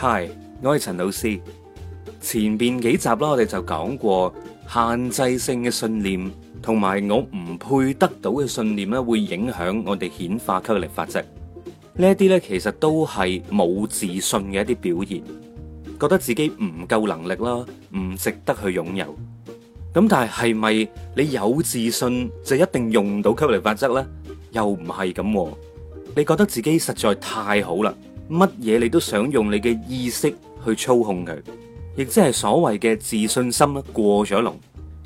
嗨，Hi, 我係陳老師。前邊幾集啦，我哋就講過限制性嘅信念，同埋我唔配得到嘅信念咧，會影響我哋顯化吸引力法則。呢一啲咧，其實都係冇自信嘅一啲表現，覺得自己唔夠能力啦，唔值得去擁有。咁但係係咪你有自信就一定用到吸引力法則咧？又唔係咁。你覺得自己實在太好啦。乜嘢你都想用你嘅意識去操控佢，亦即係所謂嘅自信心啊，過咗籠。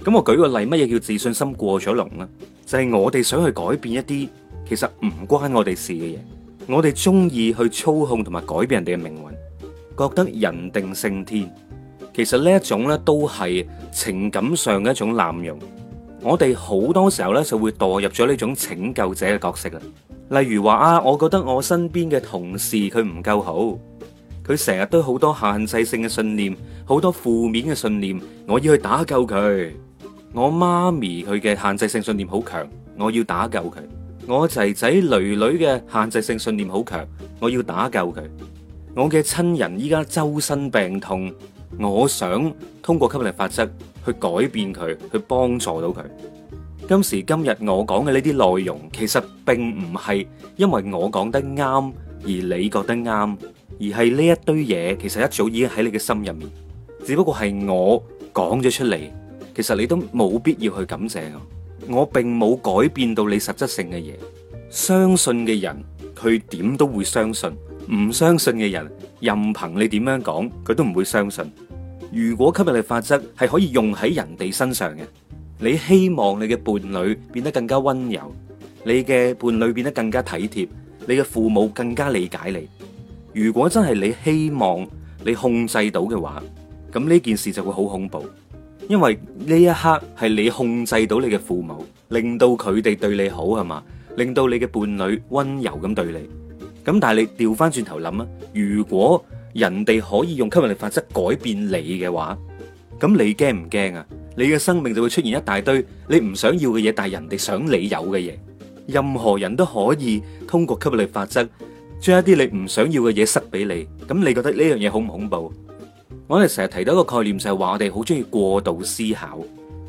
咁我舉個例，乜嘢叫自信心過咗籠咧？就係我哋想去改變一啲其實唔關我哋事嘅嘢，我哋中意去操控同埋改變人哋嘅命運，覺得人定勝天。其實呢一種呢，都係情感上嘅一種濫用。我哋好多時候呢就會墮入咗呢種拯救者嘅角色啦，例如話啊，我覺得我身邊嘅同事佢唔夠好，佢成日都好多限制性嘅信念，好多負面嘅信念，我要去打救佢。我媽咪佢嘅限制性信念好強，我要打救佢。我仔仔女女嘅限制性信念好強，我要打救佢。我嘅親人依家周身病痛。我想通過吸引力法則去改變佢，去幫助到佢。今時今日我講嘅呢啲內容，其實並唔係因為我講得啱，而你覺得啱，而係呢一堆嘢其實一早已經喺你嘅心入面，只不過係我講咗出嚟，其實你都冇必要去感謝我，我並冇改變到你實質性嘅嘢。相信嘅人，佢點都會相信；唔相信嘅人，任憑你點樣講，佢都唔會相信。如果吸引力法則係可以用喺人哋身上嘅，你希望你嘅伴侶變得更加温柔，你嘅伴侶變得更加體貼，你嘅父母更加理解你。如果真係你希望你控制到嘅話，咁呢件事就會好恐怖，因為呢一刻係你控制到你嘅父母，令到佢哋對你好係嘛，令到你嘅伴侶温柔咁對你。咁但係你調翻轉頭諗啊，如果人哋可以用吸引力法則改變你嘅話，咁你驚唔驚啊？你嘅生命就會出現一大堆你唔想要嘅嘢，但係人哋想你有嘅嘢。任何人都可以通過吸引力法則將一啲你唔想要嘅嘢塞俾你。咁你覺得呢樣嘢恐唔恐怖？我哋成日提到一個概念，就係話我哋好中意過度思考。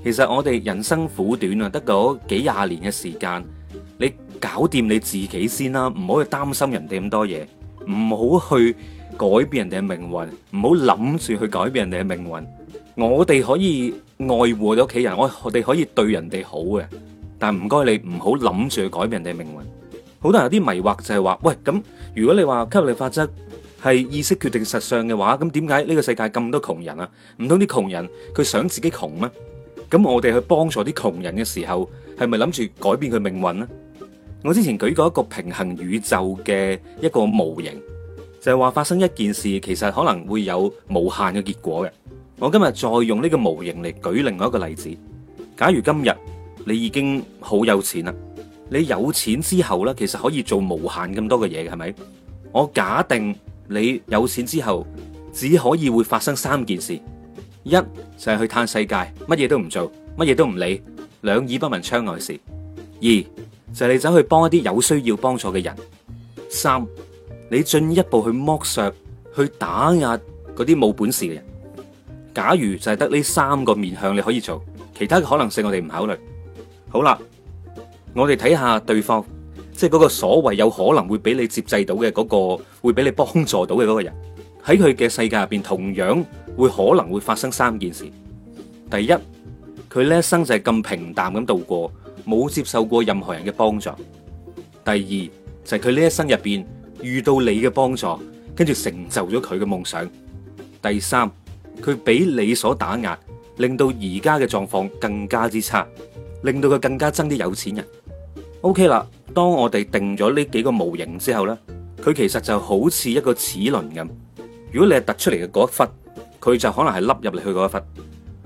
其實我哋人生苦短啊，得嗰幾廿年嘅時間，你搞掂你自己先啦，唔好去擔心人哋咁多嘢，唔好去。改變人哋嘅命運，唔好諗住去改變人哋嘅命運。我哋可以愛護咗屋企人，我哋可以對人哋好嘅。但係唔該你唔好諗住去改變人哋嘅命運。好多人有啲迷惑就係話，喂，咁如果你話吸引力法則係意識決定實相嘅話，咁點解呢個世界咁多窮人啊？唔通啲窮人佢想自己窮咩？咁我哋去幫助啲窮人嘅時候，係咪諗住改變佢命運咧？我之前舉過一個平衡宇宙嘅一個模型。就係話發生一件事，其實可能會有無限嘅結果嘅。我今日再用呢個模型嚟舉另外一個例子。假如今日你已經好有錢啦，你有錢之後呢，其實可以做無限咁多嘅嘢嘅，係咪？我假定你有錢之後，只可以會發生三件事：一就係去嘆世界，乜嘢都唔做，乜嘢都唔理，兩耳不聞窗外事；二就係你走去幫一啲有需要幫助嘅人；三。你進一步去剝削，去打壓嗰啲冇本事嘅人。假如就係得呢三個面向你可以做，其他嘅可能性我哋唔考慮。好啦，我哋睇下對方，即係嗰個所謂有可能會俾你接濟到嘅嗰個，會俾你幫助到嘅嗰個人，喺佢嘅世界入邊，同樣會可能會發生三件事。第一，佢呢一生就係咁平淡咁度過，冇接受過任何人嘅幫助。第二就係佢呢一生入邊。遇到你嘅幫助，跟住成就咗佢嘅夢想。第三，佢俾你所打壓，令到而家嘅狀況更加之差，令到佢更加憎啲有錢人。OK 啦，當我哋定咗呢幾個模型之後咧，佢其實就好似一個齒輪咁。如果你係突出嚟嘅嗰一忽，佢就可能係凹入嚟去嗰一忽。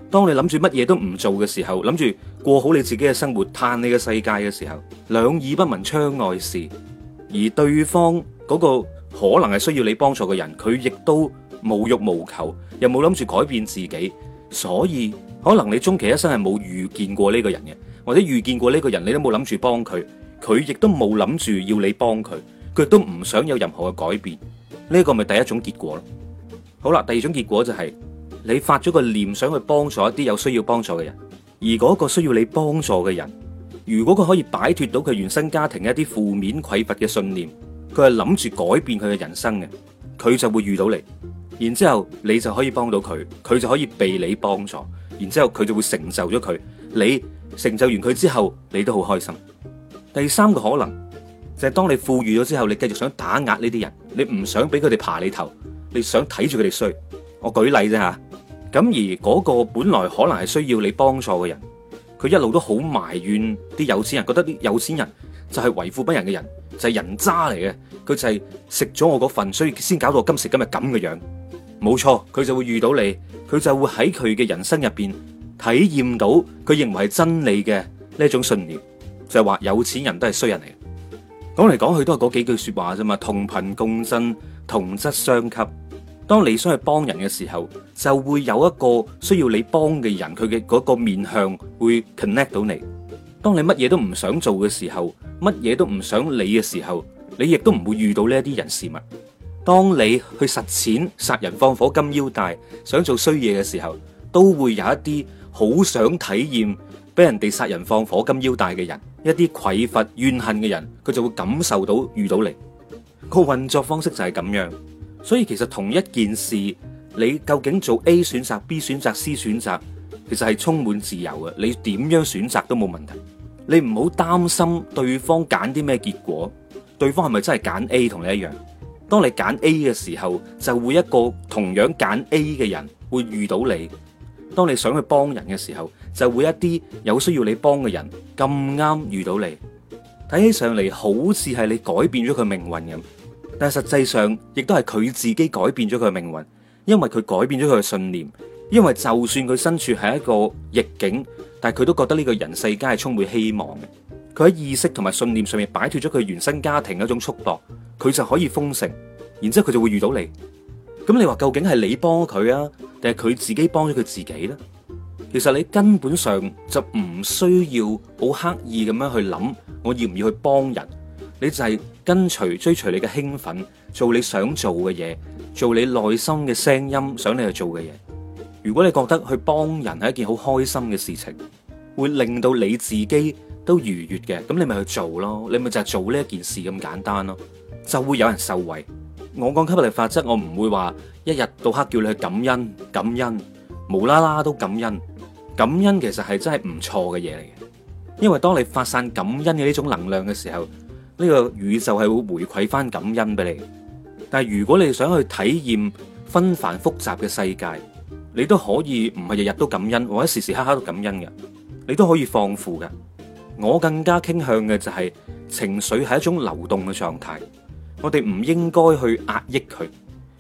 當你諗住乜嘢都唔做嘅時候，諗住過好你自己嘅生活，嘆你嘅世界嘅時候，兩耳不聞窗外事，而對方。嗰個可能係需要你幫助嘅人，佢亦都無欲無求，又冇諗住改變自己，所以可能你終其一生係冇遇見過呢個人嘅，或者遇見過呢個人，你都冇諗住幫佢，佢亦都冇諗住要你幫佢，佢亦都唔想有任何嘅改變，呢個咪第一種結果咯。好啦，第二種結果就係你發咗個念想去幫助一啲有需要幫助嘅人，而嗰個需要你幫助嘅人，如果佢可以擺脫到佢原生家庭一啲負面匱乏嘅信念。佢係諗住改變佢嘅人生嘅，佢就會遇到你，然之後你就可以幫到佢，佢就可以被你幫助，然之後佢就會成就咗佢。你成就完佢之後，你都好開心。第三個可能就係當你富裕咗之後，你繼續想打壓呢啲人，你唔想俾佢哋爬你頭，你想睇住佢哋衰。我舉例啫吓，咁而嗰個本來可能係需要你幫助嘅人，佢一路都好埋怨啲有錢人，覺得啲有錢人就係為富不仁嘅人。就係人渣嚟嘅，佢就係食咗我嗰份，所以先搞到我今時今日咁嘅樣。冇錯，佢就會遇到你，佢就會喺佢嘅人生入邊體驗到佢認為係真理嘅呢一種信念，就係話有錢人都係衰人嚟嘅。講嚟講去都係嗰幾句說話啫嘛，同頻共振，同質相吸。當你想去幫人嘅時候，就會有一個需要你幫嘅人，佢嘅嗰個面向會 connect 到你。當你乜嘢都唔想做嘅時候，乜嘢都唔想理嘅時候，你亦都唔會遇到呢啲人事物。當你去實踐，殺人放火、金腰帶，想做衰嘢嘅時候，都會有一啲好想體驗俾人哋殺人放火、金腰帶嘅人，一啲匱乏、怨恨嘅人，佢就會感受到遇到你。個運作方式就係咁樣，所以其實同一件事，你究竟做 A 選擇、B 選擇、C 選擇？其實係充滿自由嘅，你點樣選擇都冇問題。你唔好擔心對方揀啲咩結果，對方係咪真係揀 A 同你一樣？當你揀 A 嘅時候，就會一個同樣揀 A 嘅人會遇到你。當你想去幫人嘅時候，就會一啲有需要你幫嘅人咁啱遇到你。睇起上嚟好似係你改變咗佢命運咁，但係實際上亦都係佢自己改變咗佢命運，因為佢改變咗佢嘅信念。因為就算佢身處係一個逆境，但係佢都覺得呢個人世間係充滿希望嘅。佢喺意識同埋信念上面擺脫咗佢原生家庭嗰種束縛，佢就可以豐盛。然之後佢就會遇到你。咁你話究竟係你幫佢啊，定係佢自己幫咗佢自己呢？其實你根本上就唔需要好刻意咁樣去諗，我要唔要去幫人？你就係跟隨追隨你嘅興奮，做你想做嘅嘢，做你內心嘅聲音，想你去做嘅嘢。如果你覺得去幫人係一件好開心嘅事情，會令到你自己都愉悅嘅，咁你咪去做咯。你咪就係做呢一件事咁簡單咯，就會有人受惠。我講吸引力法則，我唔會話一日到黑叫你去感恩感恩，無啦啦都感恩感恩，其實係真係唔錯嘅嘢嚟嘅。因為當你發散感恩嘅呢種能量嘅時候，呢個宇宙係會回饋翻感恩俾你。但係如果你想去體驗紛繁複雜嘅世界，你都可以唔係日日都感恩，或者時時刻刻都感恩嘅，你都可以放負嘅。我更加傾向嘅就係情緒係一種流動嘅狀態，我哋唔應該去壓抑佢，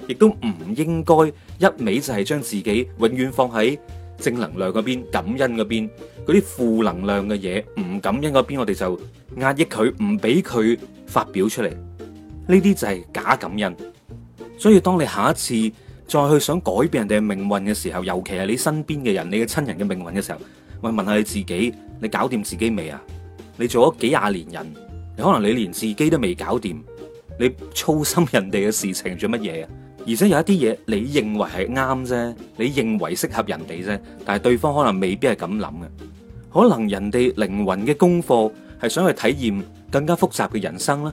亦都唔應該一味就係將自己永遠放喺正能量嗰邊，感恩嗰邊，嗰啲負能量嘅嘢唔感恩嗰邊，我哋就壓抑佢，唔俾佢發表出嚟。呢啲就係假感恩。所以當你下一次，再去想改變人哋嘅命運嘅時候，尤其係你身邊嘅人，你嘅親人嘅命運嘅時候，問問下你自己，你搞掂自己未啊？你做咗幾廿年人，你可能你連自己都未搞掂，你操心人哋嘅事情做乜嘢啊？而且有一啲嘢你認為係啱啫，你認為適合人哋啫，但係對方可能未必係咁諗嘅，可能人哋靈魂嘅功課係想去體驗更加複雜嘅人生啦，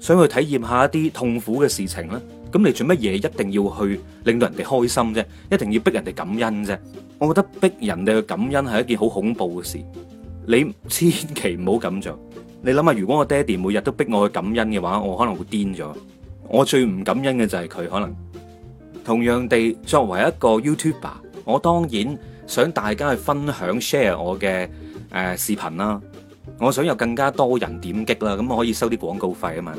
想去體驗下一啲痛苦嘅事情啦。咁你做乜嘢一定要去令到人哋開心啫？一定要逼人哋感恩啫？我覺得逼人哋去感恩係一件好恐怖嘅事，你千祈唔好咁做。你諗下，如果我爹哋每日都逼我去感恩嘅話，我可能會癲咗。我最唔感恩嘅就係佢。可能同樣地，作為一個 YouTuber，我當然想大家去分享 share 我嘅誒視頻啦。我想有更加多人點擊啦，咁我可以收啲廣告費啊嘛。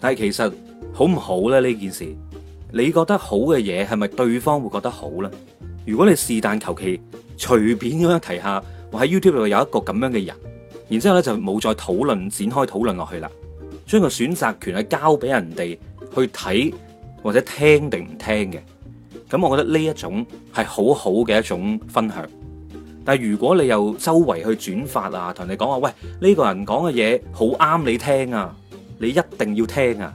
但係其實好唔好咧呢件事，你覺得好嘅嘢係咪對方會覺得好呢？如果你是但求其隨便咁樣提下，或喺 YouTube 度有一個咁樣嘅人，然之後咧就冇再討論展開討論落去啦，將個選擇權係交俾人哋去睇或者聽定唔聽嘅，咁我覺得呢一種係好好嘅一種分享。但係如果你又周圍去轉發啊，同你哋講話，喂，呢個人講嘅嘢好啱你聽啊！你一定要聽啊！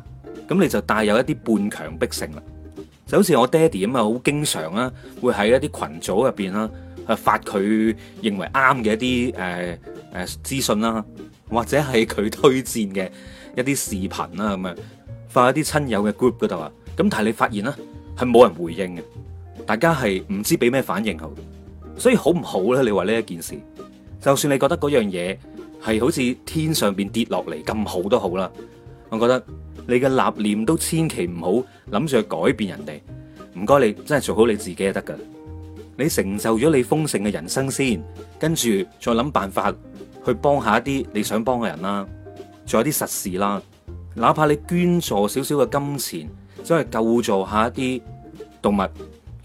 咁你就帶有一啲半強迫性啦，就好似我爹哋咁啊，好經常啊，會喺一啲群組入邊啦，去發佢認為啱嘅一啲誒誒資訊啦，或者係佢推薦嘅一啲視頻啦咁樣，發一啲親友嘅 group 嗰度啊。咁但係你發現啦，係冇人回應嘅，大家係唔知俾咩反應好。所以好唔好咧？你話呢一件事，就算你覺得嗰樣嘢係好似天上邊跌落嚟咁好都好啦。我覺得你嘅立念都千祈唔好諗住去改變人哋，唔該你真係做好你自己就得噶你成就咗你豐盛嘅人生先，跟住再諗辦法去幫下一啲你想幫嘅人啦，做一啲實事啦。哪怕你捐助少少嘅金錢，將嚟救助下一啲動物，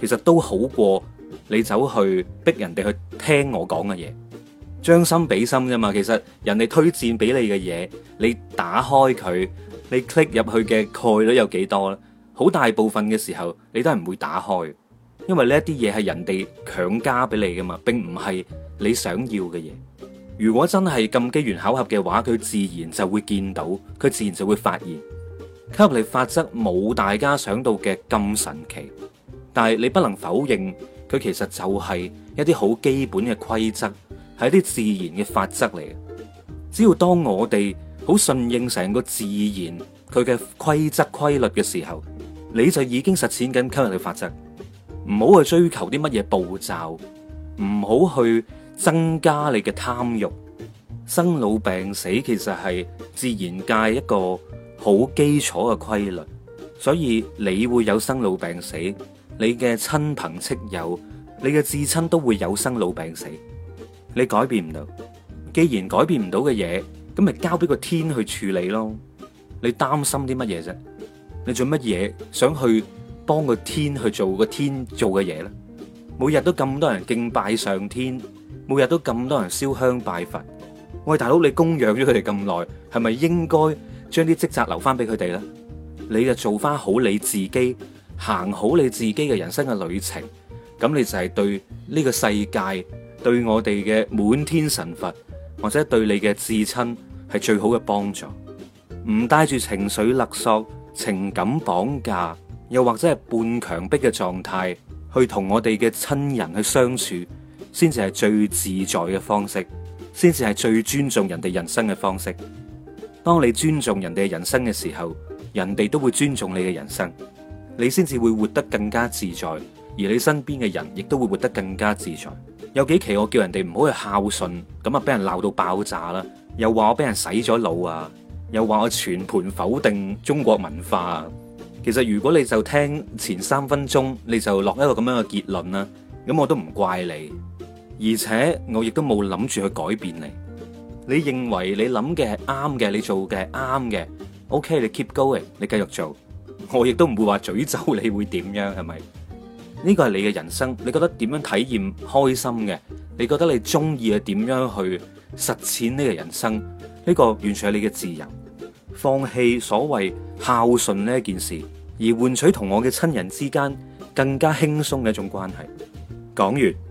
其實都好過你走去逼人哋去聽我講嘅嘢。將心比心啫嘛，其實人哋推薦俾你嘅嘢，你打開佢，你 click 入去嘅概率有幾多咧？好大部分嘅時候，你都係唔會打開，因為呢一啲嘢係人哋強加俾你㗎嘛，並唔係你想要嘅嘢。如果真係咁機緣巧合嘅話，佢自然就會見到，佢自然就會發現。吸引力法則冇大家想到嘅咁神奇，但係你不能否認，佢其實就係一啲好基本嘅規則。係啲自然嘅法則嚟，只要當我哋好順應成個自然佢嘅規則、規律嘅時候，你就已經實踐緊吸引力法則。唔好去追求啲乜嘢步驟，唔好去增加你嘅貪欲。生老病死其實係自然界一個好基礎嘅規律，所以你會有生老病死，你嘅親朋戚友，你嘅至親都會有生老病死。你改變唔到，既然改變唔到嘅嘢，咁咪交俾個天去處理咯。你擔心啲乜嘢啫？你做乜嘢想去幫個天去做個天做嘅嘢咧？每日都咁多人敬拜上天，每日都咁多人燒香拜佛。喂，大佬，你供養咗佢哋咁耐，係咪應該將啲職責留翻俾佢哋咧？你就做翻好你自己，行好你自己嘅人生嘅旅程，咁你就係對呢個世界，對我哋嘅滿天神佛，或者對你嘅至親係最好嘅幫助。唔帶住情緒勒索，情感綁架，又或者係半強迫嘅狀態去同我哋嘅親人去相處，先至係最自在嘅方式，先至係最尊重人哋人生嘅方式。當你尊重人哋嘅人生嘅時候，人哋都會尊重你嘅人生，你先至會活得更加自在，而你身邊嘅人亦都會活得更加自在。有幾期我叫人哋唔好去孝順，咁啊俾人鬧到爆炸啦！又話我俾人洗咗腦啊！又話我全盤否定中國文化。啊。其實如果你就聽前三分鐘，你就落一個咁樣嘅結論啦。咁我都唔怪你，而且我亦都冇諗住去改變你。你認為你諗嘅係啱嘅，你做嘅係啱嘅。OK，你 keep going，你繼續做，我亦都唔會話詛咒你會點樣，係咪？呢個係你嘅人生，你覺得點樣體驗開心嘅？你覺得你中意係點樣去實踐呢個人生？呢、這個完全係你嘅自由。放棄所謂孝順呢件事，而換取同我嘅親人之間更加輕鬆嘅一種關係。講完。